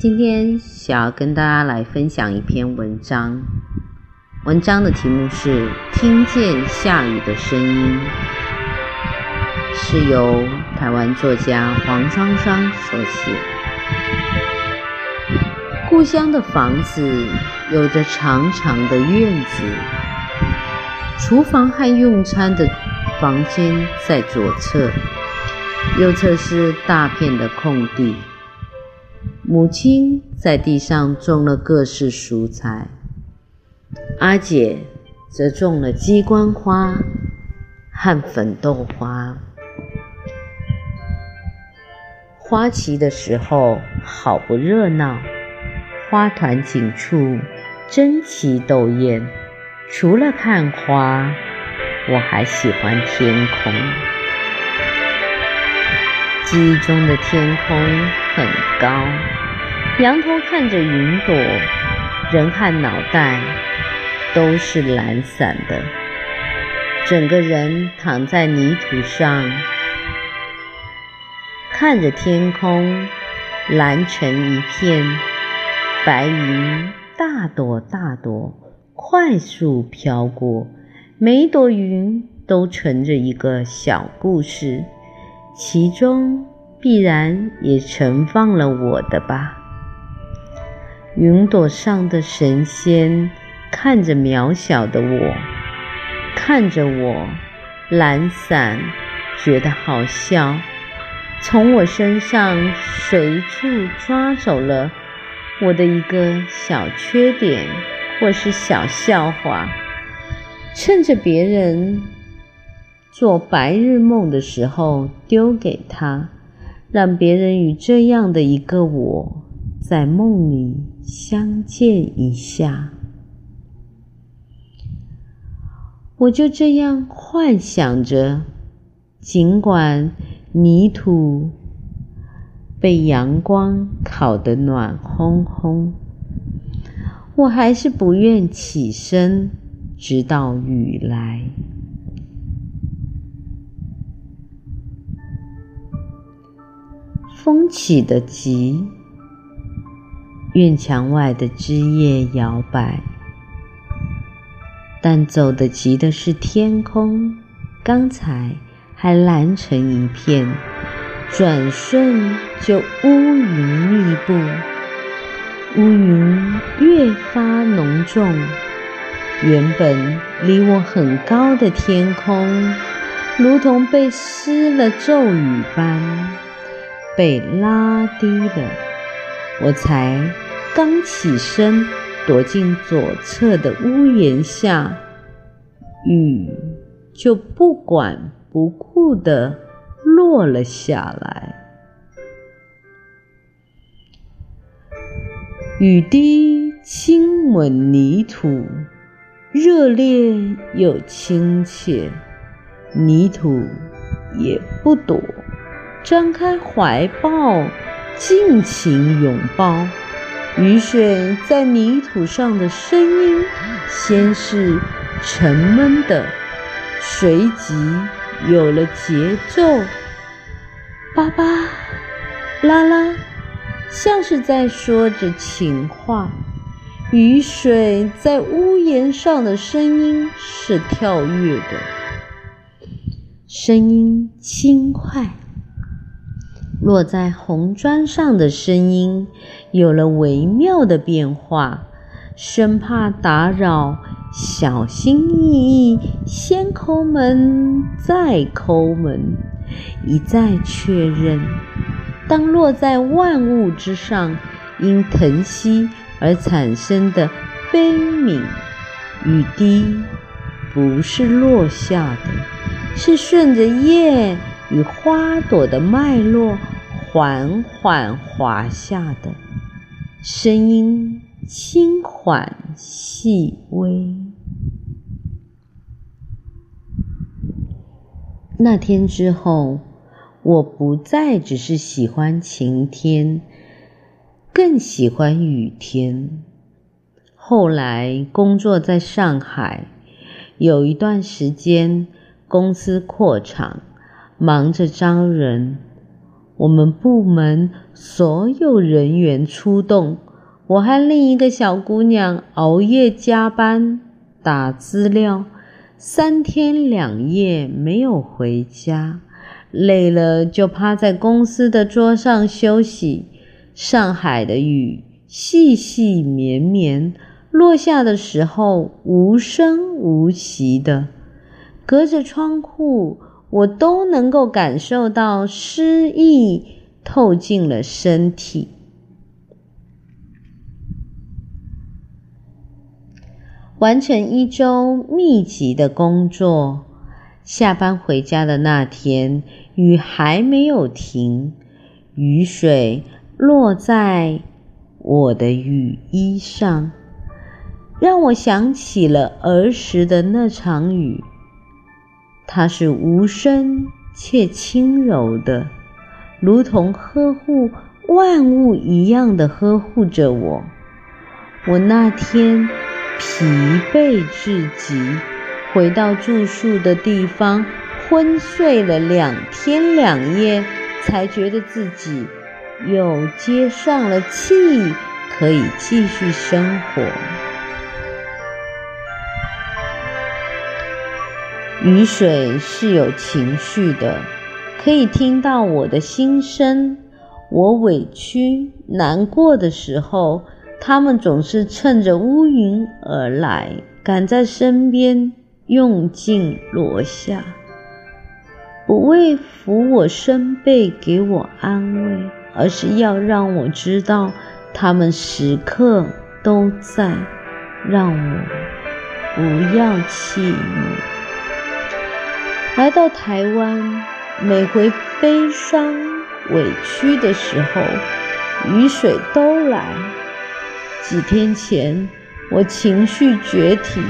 今天想要跟大家來分享一篇文章，文章的題目是《聽見下雨的聲音》，是由台灣作家王雙雙所寫。故鄉的房子有着長長的院子，廚房和用餐的房間在左側，右側是大片的空地。母親在地上種了各式蔬菜，阿姐則種了雞冠花和粉豆花。花期的時候，好不熱鬧，花團錦簇，爭奇鬥豔。除了看花，我還喜歡天空。記憶中的天空，很高，仰頭看着雲朵，人和腦袋都是懶散的，整個人躺在泥土上，看着天空，藍成一片，白雲大朵大朵快速飄過，每朵雲都盛著一個小故事，其中，必然也存放了我的吧。雲朵上的神仙看着渺小的我，看着我懶散，覺得好笑，從我身上隨處抓走了我的一個小缺點，或是小笑話，趁着別人做白日夢的時候丟給他，讓別人與這樣的一個我在夢裡相見一下，我就這樣幻想着。儘管泥土被陽光烤得暖烘烘，我還是不願起身，直到雨來。風起的急，院牆外的枝葉搖擺。但走得急的是天空，剛才還藍成一片，轉瞬就烏雲密布。烏雲越發濃重，原本離我很高的天空，如同被施了咒語般。被拉低了，我才剛起身，躲進左側的屋檐下，雨就不管不顧的落了下來。雨滴親吻泥土，熱烈又親切，泥土也不躲。張開懷抱，盡情擁抱。雨水在泥土上的聲音先是沉悶的，隨即有了節奏，叭叭啦啦，像是在說着情話。雨水在屋檐上的聲音是跳躍的，聲音輕快。落在紅磚上的聲音有了微妙的變化，生怕打擾，小心翼翼，先叩門，再叩門，一再確認。當落在萬物之上，因疼惜而產生的悲憫，雨滴不是落下的，是順着葉與花朵的脈絡。緩緩滑下的聲音，輕緩細微。那天之後，我不再只是喜歡晴天，更喜歡雨天。後來工作在上海，有一段時間公司擴廠，忙着招人。我們部門所有人員出動，我和另一個小姑娘熬夜加班打資料，三天兩夜沒有回家。累了就趴在公司的桌上休息。上海的雨細細綿綿，落下的時候無聲無息的，隔着窗戶，我都能夠感受到詩意透進了身體。完成一周密集的工作，下班回家的那天，雨還沒有停，雨水落在我的雨衣上，讓我想起了兒時的那場雨。它是無聲且輕柔的，如同呵護萬物一樣的呵護着我。我那天疲憊至極，回到住宿的地方，昏睡了兩天兩夜，才覺得自己又接上了氣，可以繼續生活。雨水是有情緒的，可以聽到我的心聲。我委屈、難過的時候，他們總是趁着烏雲而來，趕在身邊，用勁落下，不為撫我身背、給我安慰，而是要讓我知道，他們時刻都在，讓我不要氣餒。來到台灣，每回悲傷、委屈的時候，雨水都來。幾天前，我情緒決堤，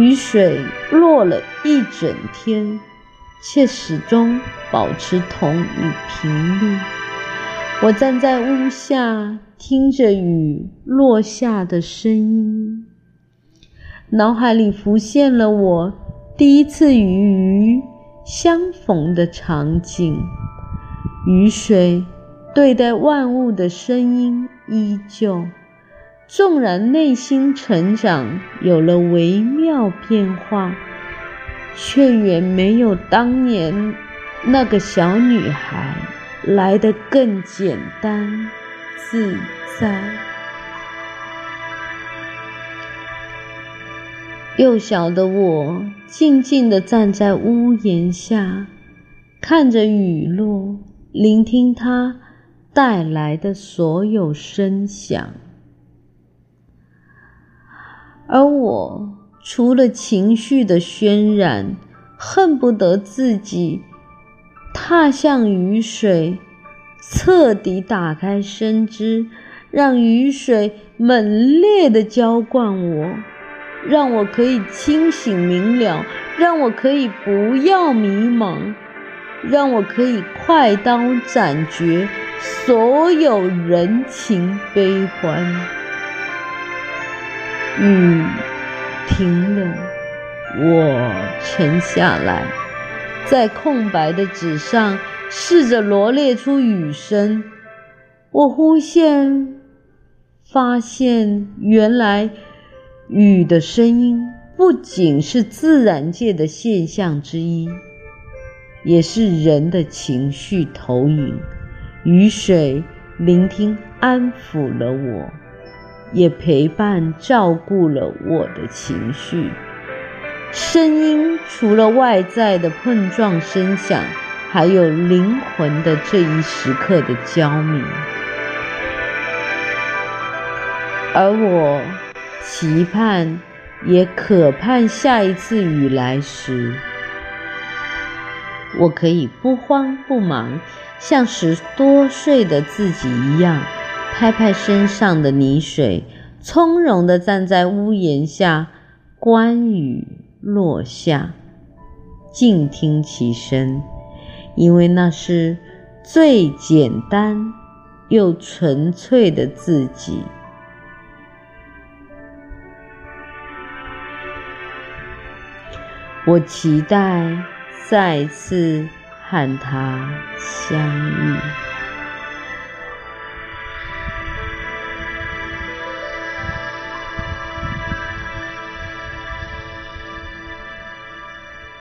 雨水落了一整天，卻始終保持同一頻率。我站在屋下，聽着雨落下的聲音，腦海裡浮現了我。第一次與雨相逢的場景，雨水對待萬物的聲音依舊。縱然內心成長有了微妙變化，卻遠沒有當年那個小女孩來得更簡單自在。幼小的我，靜靜地站在屋檐下，看着雨落，聆聽它帶來的所有聲響。而我，除了情緒的渲染，恨不得自己踏向雨水，徹底打開身姿，讓雨水猛烈地澆灌我。讓我可以清醒明了讓我可以不要迷茫，讓我可以快刀斬絕所有人情悲歡。雨、嗯、停了，我沉下來，在空白的紙上試着羅列出雨聲。我忽現，發現原來。雨的聲音不僅是自然界的現象之一，也是人的情緒投影。雨水聆聽安撫了我，也陪伴照顧了我的情緒。聲音除了外在的碰撞聲響，還有靈魂的這一時刻的交鳴。而我。期盼，也渴盼下一次雨來時，我可以不慌不忙，像十多歲的自己一樣，拍拍身上的泥水，從容地站在屋檐下，觀雨落下，靜聽其聲，因為那是最簡單又純粹的自己。我期待再次和他相遇。